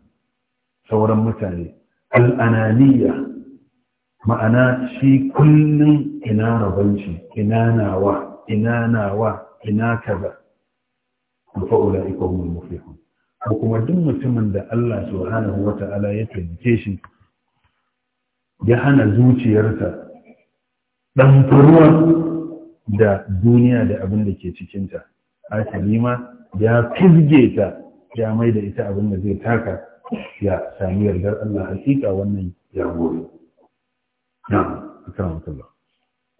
Speaker 2: sauran mutane al'ananiya ma'ana shi kullum ina rabanci ina nawa ina nawa ina kaza fa'ula ikwamul muflihun ko kuma duk mutumin da Allah subhanahu wata'ala ya taimake shi ya hana zuciyarsa dan furuwa da duniya da abin da ke cikinta a ma ya fizge ta ya mai da ita abin da zai taka ya sami yardar Allah hakika wannan ya gobe na'am akramakallah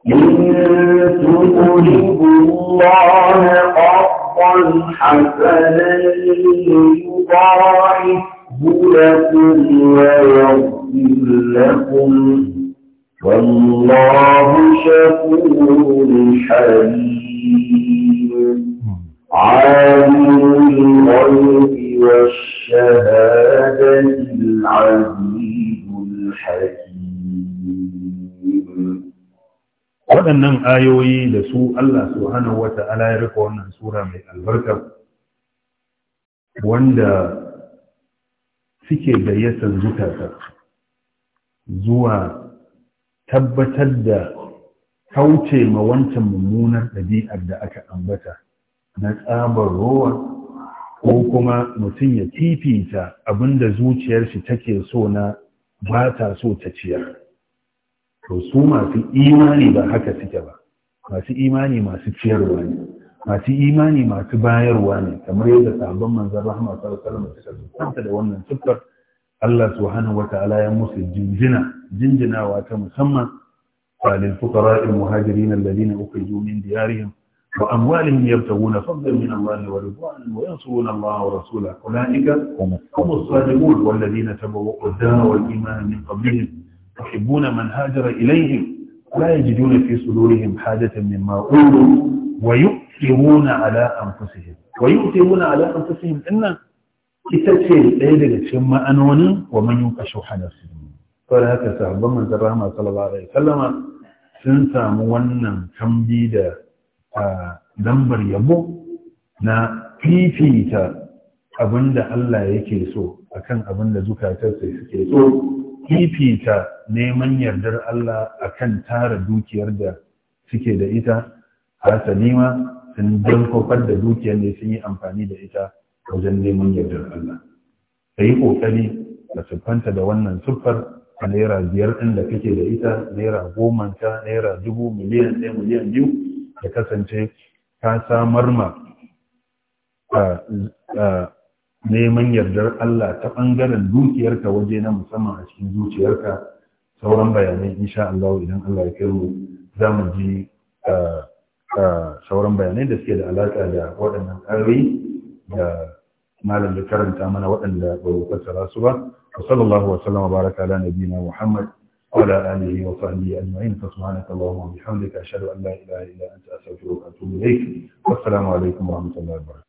Speaker 1: إن تطلبوا الله حقا لكم ويغفر لكم والله شكور حليم عالم الغيب والشهادة العزيز الحكيم
Speaker 2: waɗannan ayoyi da su Allah subhanahu wata ta'ala ya rufe wannan sura mai albarka wanda suke gayyatar zukata zuwa tabbatar da kauce ma wancan mummunar ɗabi'ar da aka ambata na tsabar rowa ko kuma mutum ya fifita abinda zuciyar shi take so na ba ta so ta ciyar. to su masu imani ba haka suke ba masu imani masu ciyarwa ne masu imani masu bayarwa ne kamar yadda sabon manzan rahama sallallahu alaihi wasallam da wannan siffar Allah subhanahu wata alayan musu jinjina jinjinawa ta musamman falil muhajiri na muhajirin uku ukhriju min diyarihim wa amwalihim yabtaguna fadlan min Allah wa ridwanan wa yansuruna Allah wa rasulahu ulaika hum as-sadiqun wal ladina tabawwa'u ad-dara wal imana min qablihim يحبون من هاجر إليهم لا يجدون في صدورهم حاجة مما أولوا ويؤثرون على أنفسهم ويؤثرون على أنفسهم إن كتابين ليلة شما أنون ومن يوقى شوح نفسه قال هكذا صحابة من الرحمة صلى الله عليه وسلم سنسى مونا كمبيدا دمبر يبو na fifita abinda Allah yake so akan abinda zukatarsa suke so fifita neman yardar Allah akan tara dukiyar da suke da ita a ma sun kofar da dukiyar ne sun yi amfani da ita wajen neman yardar Allah ka yi ƙoƙari ka siffanta da wannan siffar a naira biyar ɗin da kake da ita naira goma ta naira dubu miliyan ɗaya miliyan biyu da kasance ka samar ma ah, ah, neman yardar Allah ta ɓangaren dukiyarka waje na musamman a cikin zuciyarka sauran bayanai insha Allah idan Allah ya kai za mu ji ah, ah, sauran bayanai da suke da alaƙa da waɗannan ƙarfi da malam da karanta mana waɗanda ba mu fassara su ba wa sallallahu wa sallama baraka ala nabiyina Muhammad wa ala alihi wa sahbihi ajma'in fa subhanaka allahumma wa bihamdika ashhadu an la ilaha illa anta astaghfiruka wa atubu ilayk wa assalamu alaikum wa rahmatullahi wa barakatuh